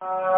Uh...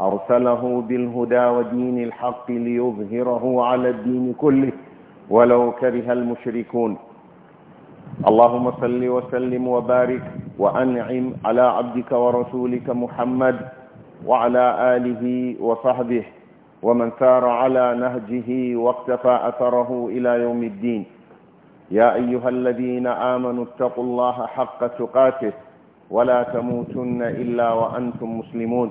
أرسله بالهدى ودين الحق ليظهره على الدين كله ولو كره المشركون اللهم صل وسلم وبارك وأنعم على عبدك ورسولك محمد وعلى آله وصحبه ومن سار على نهجه واقتفى أثره إلى يوم الدين يا أيها الذين آمنوا اتقوا الله حق تقاته ولا تموتن إلا وأنتم مسلمون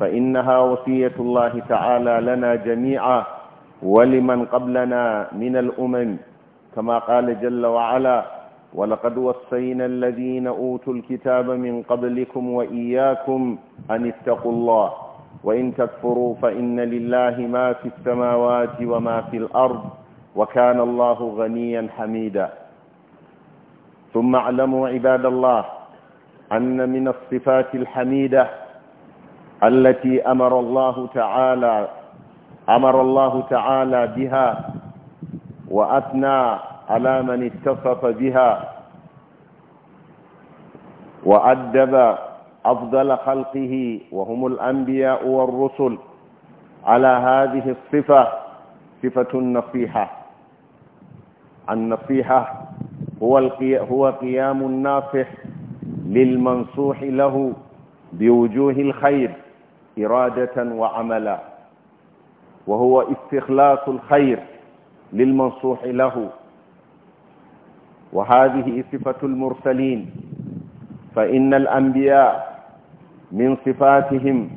فإنها وصية الله تعالى لنا جميعا ولمن قبلنا من الأمم كما قال جل وعلا ولقد وصينا الذين أوتوا الكتاب من قبلكم وإياكم أن اتقوا الله وإن تكفروا فإن لله ما في السماوات وما في الأرض وكان الله غنيا حميدا ثم اعلموا عباد الله أن من الصفات الحميدة التي أمر الله تعالى أمر الله تعالى بها وأثنى على من اتصف بها وأدب أفضل خلقه وهم الأنبياء والرسل على هذه الصفة صفة النصيحة النصيحة هو, القي... هو قيام الناصح للمنصوح له بوجوه الخير إرادة وعملا وهو استخلاص الخير للمنصوح له وهذه صفة المرسلين فإن الأنبياء من صفاتهم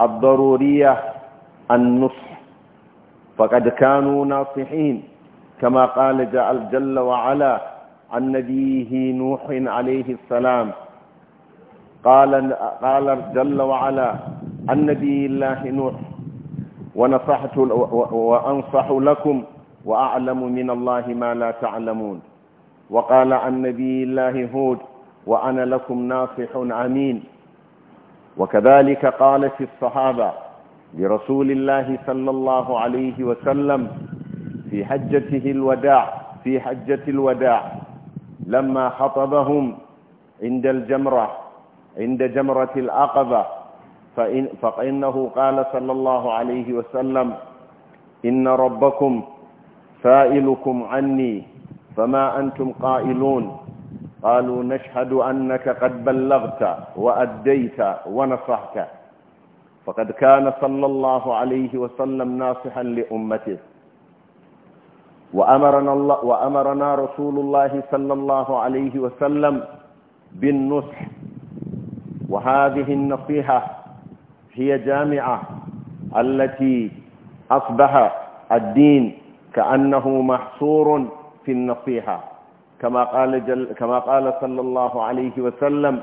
الضرورية النصح فقد كانوا ناصحين كما قال جعل جل وعلا عن نبيه نوح عليه السلام قال, قال جل وعلا عن نبي الله نوح ونصحت وأنصح لكم وأعلم من الله ما لا تعلمون وقال عن نبي الله هود وأنا لكم ناصح أمين وكذلك قالت الصحابة لرسول الله صلى الله عليه وسلم في حجته الوداع في حجة الوداع لما خطبهم عند الجمرة عند جمرة العقبة فإن فإنه قال صلى الله عليه وسلم إن ربكم سائلكم عني فما أنتم قائلون قالوا نشهد أنك قد بلغت وأديت ونصحت فقد كان صلى الله عليه وسلم ناصحا لأمته وأمرنا, الله وأمرنا رسول الله صلى الله عليه وسلم بالنصح وهذه النصيحة هي جامعة التي أصبح الدين كأنه محصور في النصيحة كما قال, جل كما قال صلى الله عليه وسلم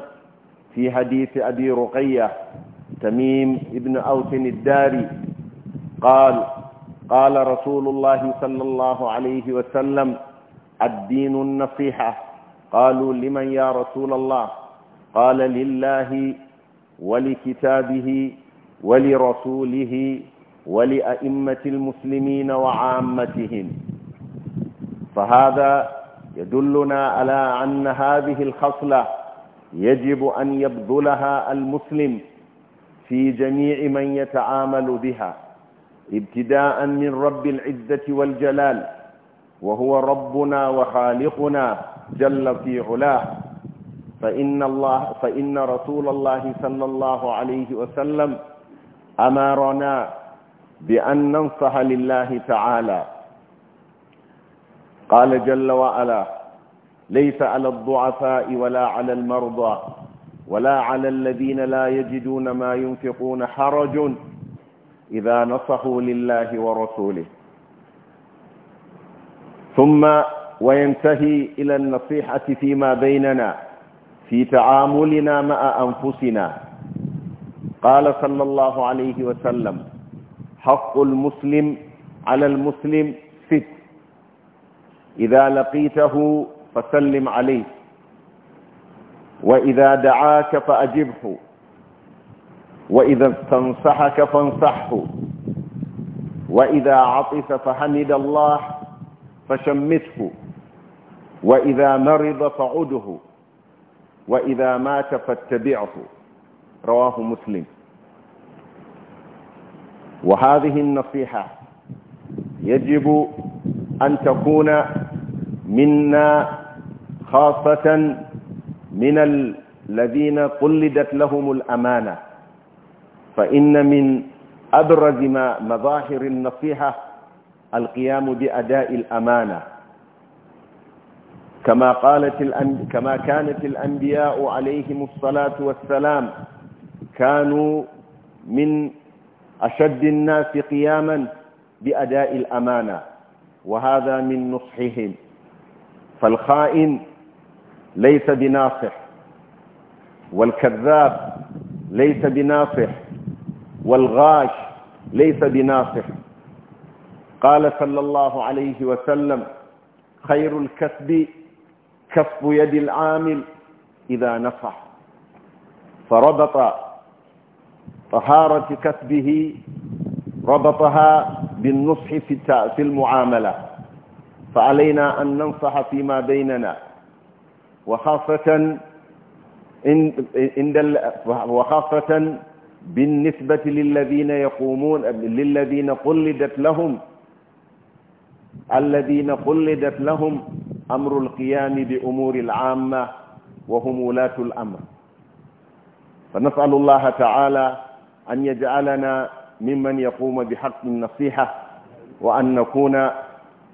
في حديث أبي رقية تميم ابن أوس الداري قال قال رسول الله صلى الله عليه وسلم الدين النصيحة قالوا لمن يا رسول الله قال لله ولكتابه ولرسوله ولأئمة المسلمين وعامتهم فهذا يدلنا على أن هذه الخصلة يجب أن يبذلها المسلم في جميع من يتعامل بها ابتداء من رب العزة والجلال وهو ربنا وخالقنا جل في علاه فإن, الله فإن رسول الله صلى الله عليه وسلم أمرنا بأن ننصح لله تعالى قال جل وعلا ليس على الضعفاء ولا على المرضى ولا على الذين لا يجدون ما ينفقون حرج إذا نصحوا لله ورسوله ثم وينتهي إلى النصيحة فيما بيننا في تعاملنا مع أنفسنا قال صلى الله عليه وسلم حق المسلم على المسلم ست إذا لقيته فسلم عليه وإذا دعاك فأجبه وإذا استنصحك فانصحه وإذا عطس فحمد الله فشمته وإذا مرض فعده وإذا مات فاتبعه رواه مسلم وهذه النصيحة يجب أن تكون منا خاصة من الذين قلدت لهم الأمانة فإن من أبرز ما مظاهر النصيحة القيام بأداء الأمانة كما, قالت كما كانت الأنبياء عليهم الصلاة والسلام كانوا من أشد الناس قياما بأداء الأمانة وهذا من نصحهم فالخائن ليس بناصح والكذاب ليس بناصح والغاش ليس بناصح قال صلى الله عليه وسلم خير الكسب كف يد العامل إذا نصح فربط طهارة كسبه ربطها بالنصح في المعاملة فعلينا أن ننصح فيما بيننا وخاصة عند وخاصة بالنسبة للذين يقومون للذين قلدت لهم الذين قلدت لهم أمر القيام بأمور العامة وهم ولاة الأمر فنسأل الله تعالى أن يجعلنا ممن يقوم بحق النصيحة وأن نكون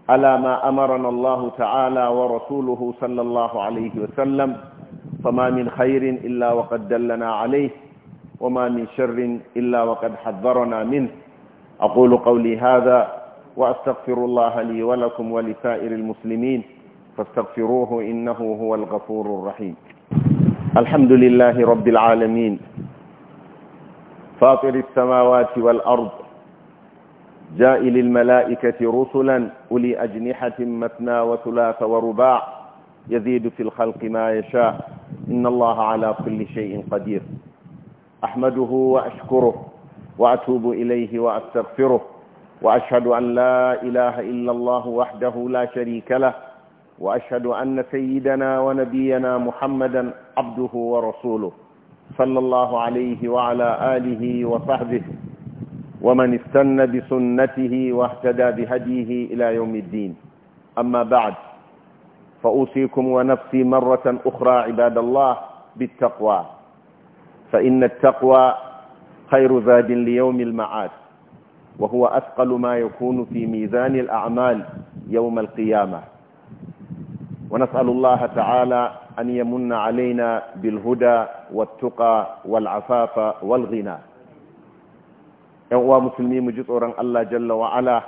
على ما أمرنا الله تعالى ورسوله صلى الله عليه وسلم فما من خير إلا وقد دلنا عليه وما من شر إلا وقد حذرنا منه أقول قولي هذا وأستغفر الله لي ولكم ولسائر المسلمين فاستغفروه إنه هو الغفور الرحيم الحمد لله رب العالمين فاطر السماوات والأرض جائل الملائكة رسلا أولي أجنحة مثنى وثلاث ورباع يزيد في الخلق ما يشاء إن الله على كل شيء قدير أحمده وأشكره وأتوب إليه وأستغفره وأشهد أن لا إله إلا الله وحده لا شريك له وأشهد أن سيدنا ونبينا محمدا عبده ورسوله صلى الله عليه وعلى آله وصحبه ومن استنى بسنته واهتدى بهديه إلى يوم الدين أما بعد فأوصيكم ونفسي مرة أخرى عباد الله بالتقوى فإن التقوى خير زاد ليوم المعاد وهو أثقل ما يكون في ميزان الأعمال يوم القيامة ونسأل الله تعالى أن يمن علينا بالهدى والتقى والعفاف والغنى يوم مسلمي مجد أوران الله جل وعلا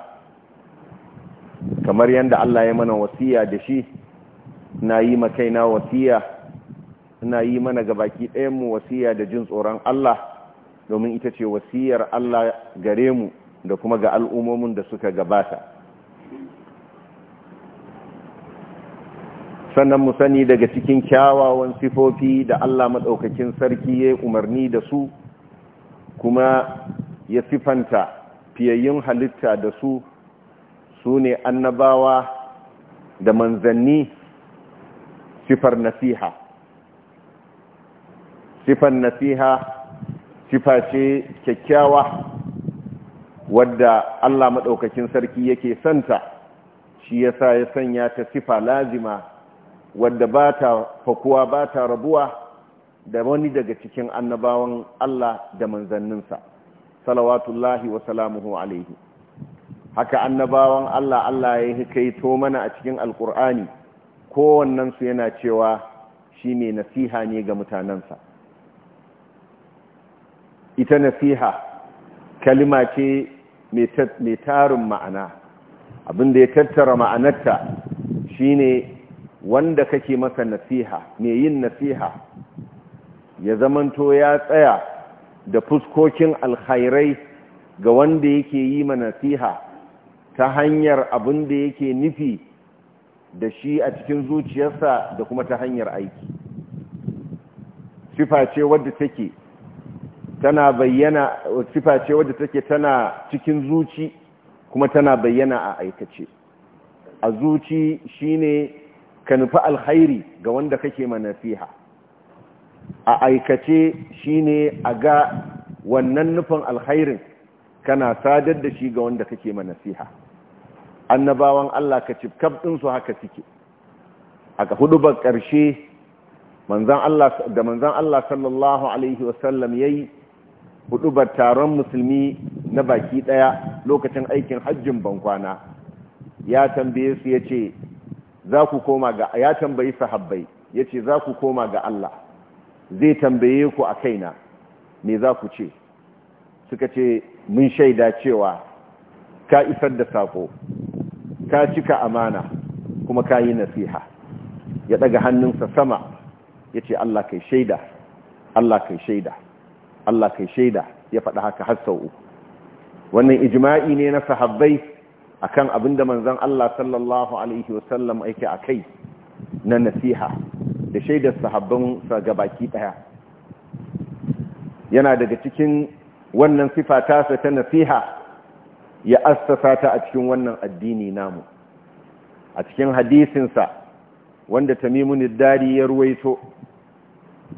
kamar yadda Allah ya mana wasiya da shi na yi makaina wasiya na yi mana gabaki ɗayanmu wasiya da jin tsoron Allah domin ita ce wasiyar Allah gare mu da kuma ga al'ummomin da suka gabata sannan mu sani daga cikin kyawawan sifofi da Allah maɗaukakin sarki ya umarni da su kuma ya sifanta fiyayyun halitta da su su ne annabawa da manzanni sifar nasiha sifar nasiha sifa ce kyakkyawa wadda Allah maɗaukakin sarki yake santa shi yasa ya sanya ta sifa lazima wadda ba ta fakuwa ba ta rabuwa da wani daga cikin annabawan Allah da manzanninsa salawatullahi wa salamuhu alaihi haka annabawan Allah Allah ya yi kai to mana a cikin alkur'ani kowannensu yana cewa shi ne nasiha ne ga mutanensa ita nasiha kalima ce mai tarin ma'ana abinda ya tattara ma'anarta shine wanda kake masa nasiha mai yin nasiha ya zamanto ya tsaya da fuskokin alkhairai ga wanda yake yi ma nasiha ta hanyar abin da yake nufi da shi a cikin zuciyarsa da kuma ta hanyar aiki Siface ce wadda take tana bayyana Siface wadda take tana cikin zuci kuma tana bayyana a aikace a zuci shine ka nufi alkhairi ga wanda kake ma nasiha a aikace shine a ga wannan nufin alkhairin kana sadar da shi ga wanda kake ma nasiha annabawan Allah ka cifkaf ɗinsu haka suke aka hudu ba ƙarshe da manzan Allah sallallahu Alaihi wasallam ya yi hudu ba taron musulmi na baki ɗaya lokacin aikin hajjin bankwana ya tambaye su ya ce za ku koma ga ya tambayi sahabbai ce za ku koma ga Allah zai tambaye ku a kaina me za ku ce suka ce mun shaida cewa ka isar da sako ka cika amana kuma ka yi nasiha ya daga hannunsa sama ya ce Allah kai shaida Allah kai shaida Allah kai shaida ya faɗa haka har sau wannan ijma'i ne na sahabbai akan abin da manzon Allah sallallahu alaihi wasallam yake akai na nasiha da shaidar sahabban sa baki daya yana daga cikin wannan sifa ta ta nasiha ya assasa ta a cikin wannan addini namu a cikin hadisinsa wanda tamimun dari ya ruwaito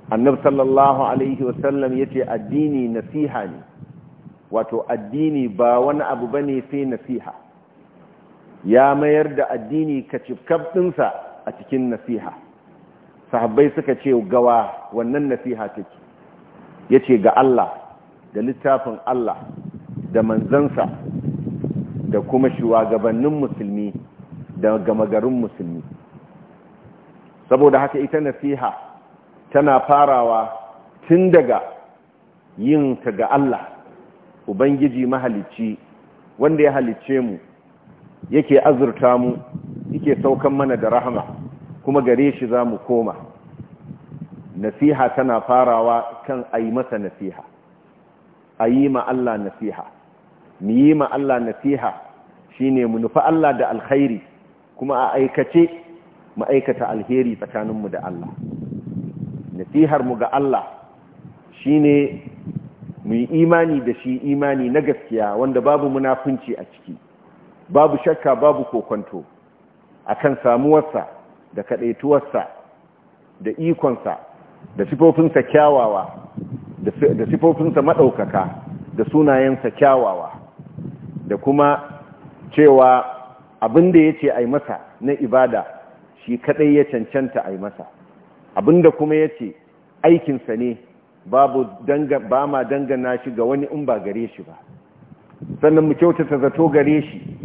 annab sallallahu alaihi wasallam ya ce addini nasiha ne wato addini ba wani abu bane sai nasiha ya mayar da addini ka cikab ɗinsa a cikin nasiha sahabbai suka ce gawa wannan nasiha take ya ce ga Allah da littafin Allah da manzansa da kuma shugabannin musulmi da gamagarin musulmi saboda haka ita nasiha tana farawa tun daga yin ta ga Allah ubangiji mahalicci wanda ya halicce mu yake azurta mu yake saukan mana da rahama kuma gare shi za mu koma nasiha tana farawa kan a masa nasiha ayi ma Allah nasiha mu yi ma Allah nasiha shine mu nufi Allah da alkhairi kuma a aikace mu aikata alheri mu da Allah nasihar mu ga Allah shine mu yi imani da shi imani na gaskiya wanda babu munafunci a ciki babu shakka babu kokonto akan samuwarsa da kaɗaituwarsa, da ikonsa da sifofinsa kyawawa da sifofinsa maɗaukaka, da sunayensa kyawawa da kuma cewa abin da yace ai masa na ibada shi kaɗai ya cancanta ai masa abinda kuma ya ce aikinsa ne babu ba ma dangana shi ga wani in ba gare shi ba sannan mu kyautata zato gare shi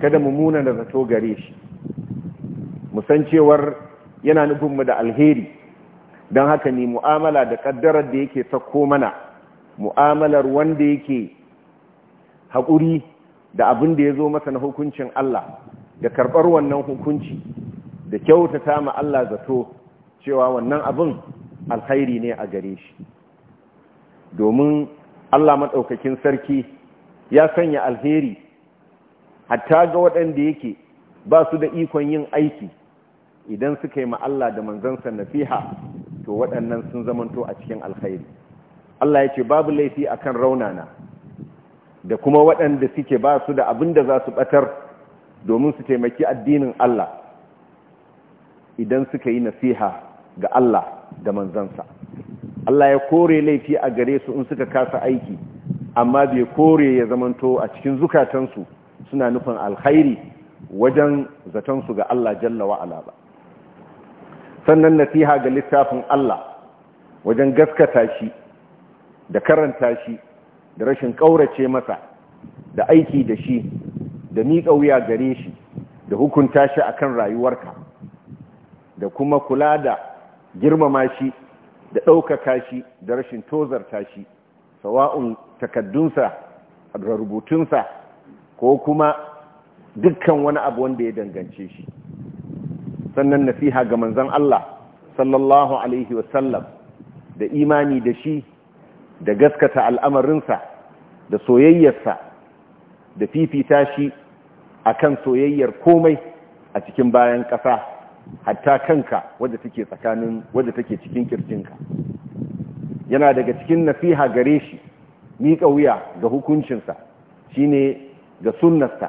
kada mu muna da zato gare shi mu cewar yana nufin mu da alheri don haka ne mu'amala da kaddarar da yake sako mana mu'amalar wanda yake haƙuri da abin da ya zo masa na hukuncin Allah da karɓar wannan hukunci da kyautata ma Allah zato cewa wannan abin alhairi ne a gare shi domin Allah maɗaukakin sarki ya sanya alheri hatta ga waɗanda yake ba su da ikon yin aiki idan suka yi Allah da manzansa nasiha to waɗannan sun zamanto a cikin alkhairi Allah ya ce babu laifi a kan raunana da kuma waɗanda suke ba su da abin da za su ɓatar domin su taimaki addinin Allah idan suka yi nasiha ga Allah da manzansa Allah ya kore laifi a gare su in suka kasa aiki amma bai kore ya zamanto a cikin zukatansu suna nufin alkhairi wajen zaton su ga Allah jalla wa'ala ba sannan nasiha ga littafin Allah wajen gaskata shi da karanta shi da rashin ƙaurace masa da aiki da shi da miƙa wuya gare shi da hukunta shi akan rayuwarka da kuma kula da girmama shi da ɗaukaka shi da rashin tozarta shi sawa'un takaddunsa da rubutunsa ko kuma dukkan wani abu wanda ya dangance shi sannan nasiha ga manzan Allah sallallahu alaihi wasallam da imani da shi da gaskata al'amarinsa da soyayyarsa da fifita shi a kan soyayyar komai a cikin bayan ƙasa hatta kanka wadda take tsakanin wadda take cikin kirjinka yana daga cikin nasiha gare shi miƙa wuya ga hukuncinsa shine ga sunnarsa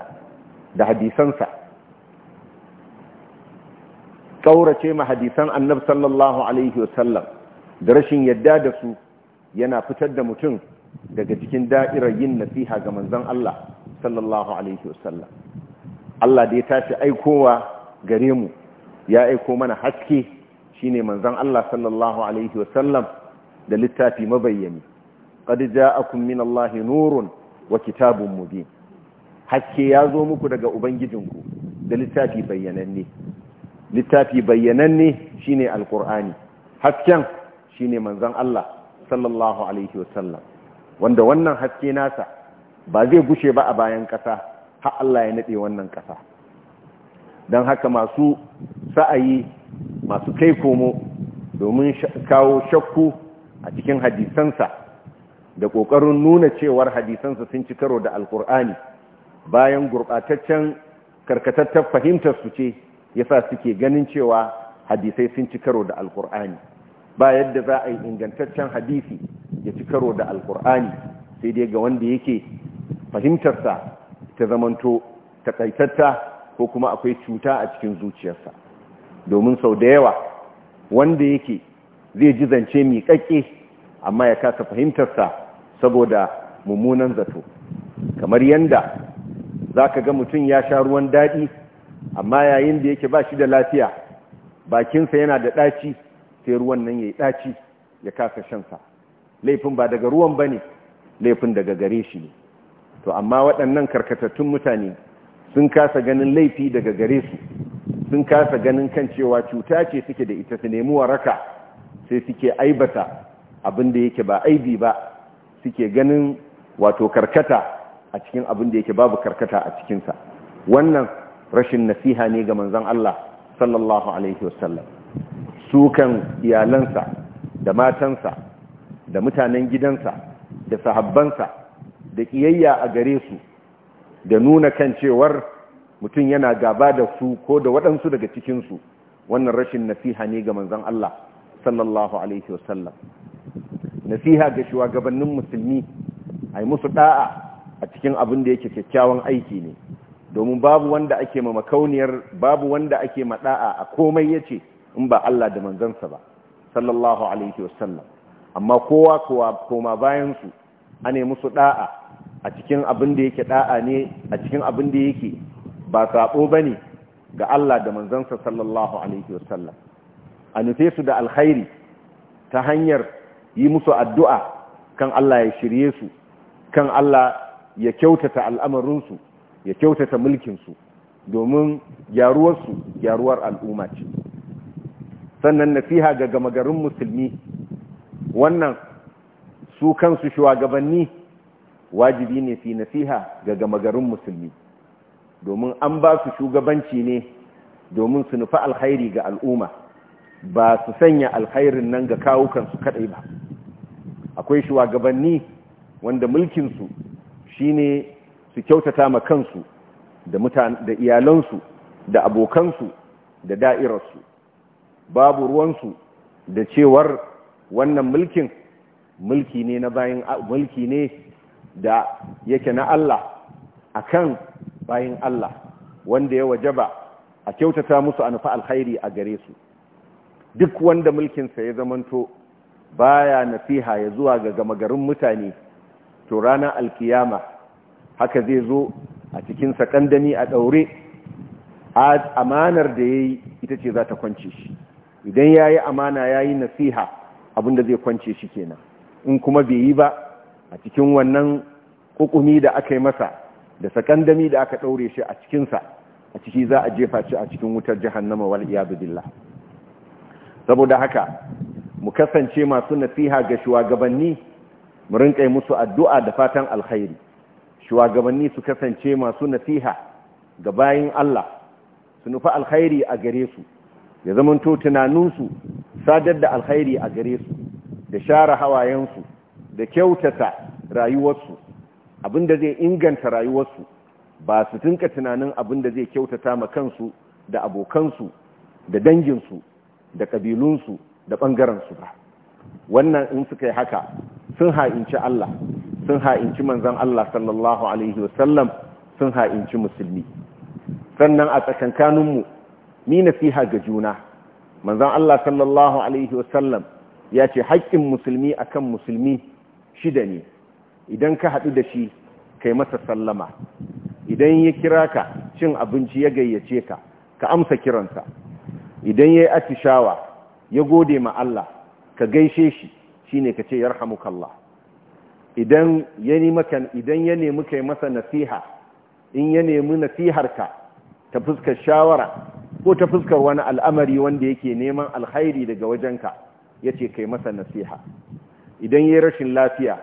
da hadisansa ƙaurace ma hadisan annab sallallahu alaihi wasallam da rashin yadda da su yana fitar da mutum daga cikin da'irar yin nasiha ga manzan Allah sallallahu alaihi wasallam Allah da ya tashi aikowa gare mu ya aiko mana haske shine manzan Allah sallallahu alaihi wasallam da littafi mabayyani qad ja'akum min Allahi nurun wa kitabun mubin hakke ya zo muku daga ubangijinku da littafi bayyananne littafi bayyananne shine alqur'ani hasken shine manzon Allah sallallahu alaihi wasallam wanda wannan haske nasa ba zai gushe ba a bayan ƙasa har Allah ya nade wannan ƙasa don haka masu sa'ayi masu kai komo domin kawo shakku a cikin hadisansa da ƙoƙarin nuna cewar hadisansa sun ci karo da alƙur'ani bayan gurbataccen karkatattar fahimtar su ce sa suke ganin cewa hadisai sun ci karo da alkur'ani ba yadda za a yi ingantaccen hadisi ya ci karo da alkur'ani sai dai ga wanda yake fahimtarsa ta zamanto takaitatta ko kuma akwai cuta a cikin zuciyarsa domin sau da yawa wanda yake zai ji zance miƙaƙe amma ya kasa fahimtarsa saboda mummunan zato kamar yadda. za ka ga mutum ya sha ruwan daɗi amma yayin da yake ba shi da lafiya bakinsa yana da ɗaci sai ruwan nan ya yi ɗaci ya kasa shansa laifin ba daga ruwan ba ne laifin daga gare shi ne to amma waɗannan karkatattun mutane sun kasa ganin laifi daga gare su sun kasa ganin kan cewa cuta ce suke da ita su nemi waraka sai suke aibata abin da yake ba aibi ba suke ganin wato karkata a cikin abin da yake babu karkata a cikinsa wannan rashin nasiha ne ga manzon Allah sallallahu alaihi wasallam sukan iyalansa da matansa da mutanen gidansa da sahabbansa da kiyayya a gare su da nuna kan cewar mutum yana gaba da su ko da waɗansu daga cikin su wannan rashin nasiha ne ga manzon Allah sallallahu alaihi wasallam nasiha ga shugabannin musulmi ai musu da'a a cikin abin da yake kyakkyawan aiki ne domin babu wanda ake ma makauniyar babu wanda ake da'a a komai yace in ba Allah da manzansa ba sallallahu alaihi wasallam amma kowa kowa koma bayan su ane musu da'a a cikin abin da yake da'a ne a cikin abin da yake ba sabo bane ga Allah da manzansa sallallahu alaihi wasallam a nufe su da alkhairi ta hanyar yi musu addu'a kan Allah ya shirye su kan Allah ya kyautata al'amarinsu ya kyautata mulkinsu domin gyaruwarsu gyaruwar al'umma ce sannan nasiha ga gama garin musulmi wannan su kansu shugabanni wajibi ne fi nasiha ga gama garin musulmi domin an ba su shugabanci ne domin su nufa alkhairi ga al'umma ba su sanya alkhairin nan ga kawukansu kadai ba akwai shugabanni wanda mulkinsu shine su kyautata ma kansu da iyalansu da abokansu da da'irarsu babu ruwansu da cewar wannan mulkin mulki ne na bayan mulki ne da yake na Allah a kan bayan Allah wanda ya wajaba a kyautata musu a nufi alkhairi a gare su duk wanda mulkinsa ya zamanto baya nasiha ya zuwa ga gama garin mutane to ranar alkiyama haka zai zo a cikin sakandani a daure amanar da ya yi ita ce za ta kwance shi idan ya yi amana ya yi nasiha abinda zai kwance shi kenan in kuma bai yi ba a cikin wannan hukumi da aka yi masa da sakandami da aka daure shi a cikinsa a ciki za a jefa shi a cikin wutar jahannama wal iyadu saboda haka mu kasance masu nasiha ga shugabanni mu rinƙa musu addu'a da fatan alkhairi shugabanni su kasance masu nasiha ga bayan Allah su nufa alkhairi a gare su ya zamanto tunaninsu sadar da alkhairi a gare su da share hawayensu da kyautata rayuwarsu abinda zai inganta rayuwarsu ba su tunka tunanin abinda zai kyautata ma kansu da abokansu da danginsu da ƙabilunsu da ɓangarensu ba wannan in suka yi haka sun ha'inci Allah sun ha'inci manzon Allah sallallahu alaihi wasallam sun ha'inci musulmi sannan a tsakankaninmu ni nasiha ga juna manzon Allah sallallahu alaihi wasallam ya ce haƙƙin musulmi akan musulmi shida ne idan ka haɗu da shi kai masa sallama idan ya kira ka cin abinci ya gayyace ka ka amsa kiransa idan ya yi atishawa ya gode ma Allah ka gaishe shi shine kace yarhamukallah idan ya maka idan ya nemi kai masa nasiha in ya nemi nasiharka ta fuskar shawara ko ta fuskar wani al'amari wanda yake neman alkhairi daga wajenka yace kai masa nasiha idan yayi rashin lafiya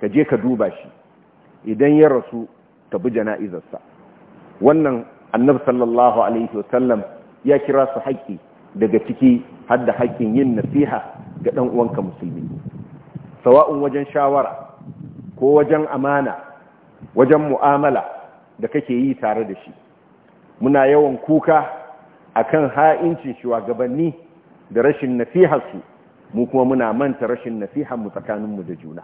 ka je ka duba shi idan ya rasu ka bi jana'izarsa wannan annabi sallallahu alaihi wasallam ya kira su haƙƙi daga ciki har da haƙƙin yin nasiha ga ɗan uwanka musulmi sawa'un wajen shawara ko wajen amana wajen mu'amala da kake yi tare da shi muna yawan kuka a akan ha'incin shugabanni da rashin nasiharsu mu kuma muna manta rashin nasihar mu tsakaninmu da juna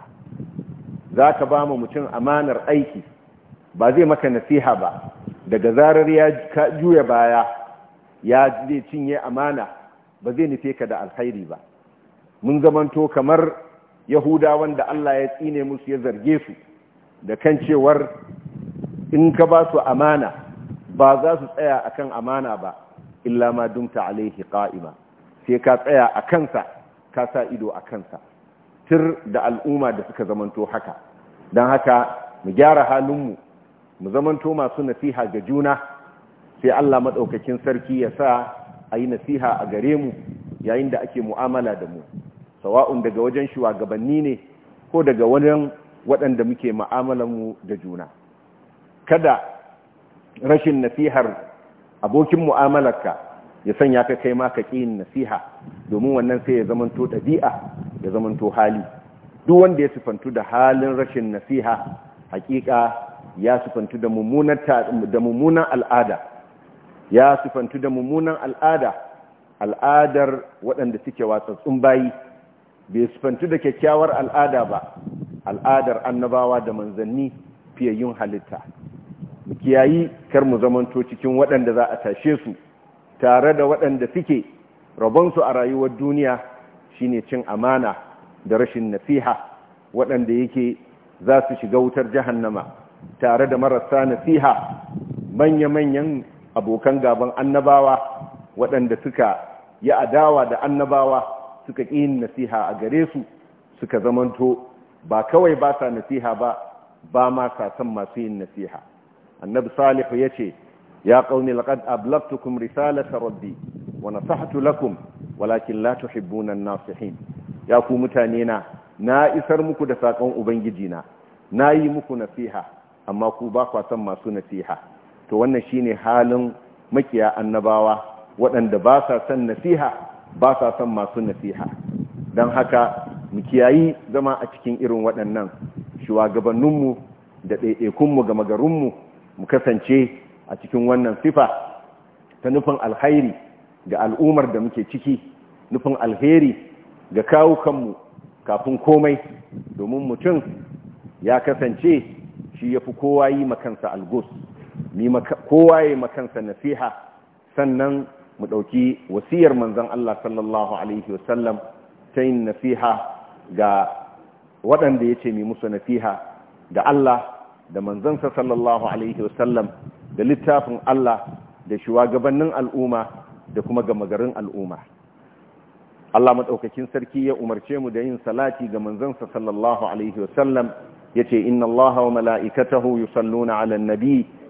za ka ba mu mutum amanar aiki ba zai maka nasiha ba daga zarar ya juya baya ya zai cinye amana ba zai nufe ka da alkhairi ba mun zamanto kamar Yahuda wanda Allah ya tsine musu ya zarge su da kan cewar in ka ba su amana ba za su tsaya akan amana ba illa ma dumta alaihi qa'ima sai ka tsaya a kansa ka sa ido a kansa tir da al'umma da suka zamanto haka don haka mu gyara halinmu mu zamanto masu nasiha ga juna sai Allah maɗaukakin sarki ya sa a yi nasiha a gare mu yayin da ake mu'amala da mu sawa'un daga wajen shugabanni ne ko daga wajen waɗanda muke mu da juna kada rashin nasihar abokin mu'amalarka ya sanya ka kai maka ƙin nasiha domin wannan sai ya zamanto ɗabi'a ya zamanto hali duk wanda ya sufantu da halin rashin nasiha hakika ya sufantu da mummunan al'ada ya sufantu da mummunan al'ada al'adar waɗanda suke watsatsun tsumbayi. bai sifantu da kyakkyawar al'ada ba al'adar annabawa da manzanni fiye yin halitta mu kiyayi kar mu zamanto cikin waɗanda za a tashe su tare da waɗanda suke rabonsu a rayuwar duniya shine cin amana da rashin nasiha waɗanda yake za su shiga wutar jahannama tare da marasa nasiha manya-manyan abokan gaban annabawa waɗanda suka yi adawa da annabawa suka ƙi yin nasiha a gare su suka zamanto ba kawai ba sa nasiha ba ba ma sa san masu yin nasiha annabi salihu ya ce ya ƙauni laƙad ablabtukum risalata rabbi wa nasahatu lakum walakin la tuhibbuna an-nasihin ya ku mutane na na isar muku da saƙan ubangiji na na yi muku nasiha amma ku ba kwa san masu nasiha to wannan shine halin makiya annabawa waɗanda ba sa san nasiha ba sa son masu nasiha don haka mu kiyayi zama a cikin irin waɗannan shugabanninmu da ɗaiɗaikunmu ga magarinmu mu kasance a cikin wannan sifa ta nufin alhairi ga al'ummar da muke ciki nufin alheri ga kawo kanmu kafin komai domin mutum ya kasance shi ya fi kowa yi makansa algos kowa yi makansa nasiha sannan mu ɗauki wasiyar manzan Allah sallallahu alaihi wasallam ta yin nafiha ga waɗanda ya ce mai musu nasiha da Allah da manzansa sallallahu alaihi wasallam da littafin Allah da shugabannin al'umma da kuma magarin al'umma Allah maɗaukakin sarki ya umarce mu da yin salati ga manzansa sallallahu alaihi wasallam ya ce inna Allah wa mala'ikatahu yusalluna ala nabi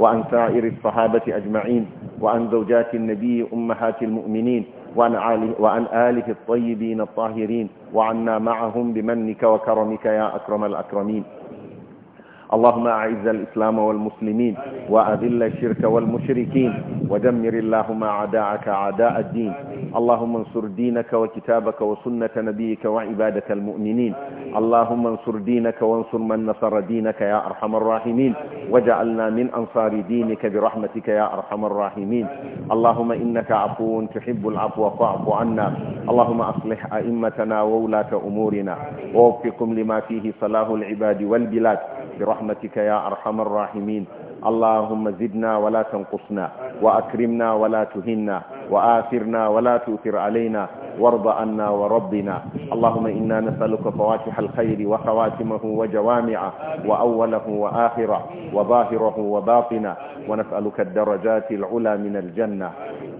وعن سائر الصحابة أجمعين وعن زوجات النبي أمهات المؤمنين وعن, وعن آله الطيبين الطاهرين وعنا معهم بمنك وكرمك يا أكرم الأكرمين اللهم أعز الإسلام والمسلمين وأذل الشرك والمشركين ودمر اللهم أعداءك أعداء الدين اللهم انصر دينك وكتابك وسنة نبيك وعبادك المؤمنين اللهم انصر دينك وانصر من نصر دينك يا أرحم الراحمين وجعلنا من أنصار دينك برحمتك يا أرحم الراحمين اللهم إنك عفو تحب العفو فاعف عنا اللهم أصلح أئمتنا وولاة أمورنا ووفقهم لما فيه صلاح العباد والبلاد برحمتك يا أرحم الراحمين اللهم زدنا ولا تنقصنا وأكرمنا ولا تهنا وآثرنا ولا تؤثر علينا وارض عنا وربنا اللهم إنا نسألك فواتح الخير وخواتمه وجوامعه وأوله وآخره وظاهره وباطنه ونسألك الدرجات العلى من الجنة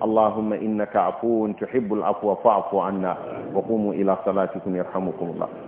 اللهم إنك عفو تحب العفو فاعف عنا وقوموا إلى صلاتكم يرحمكم الله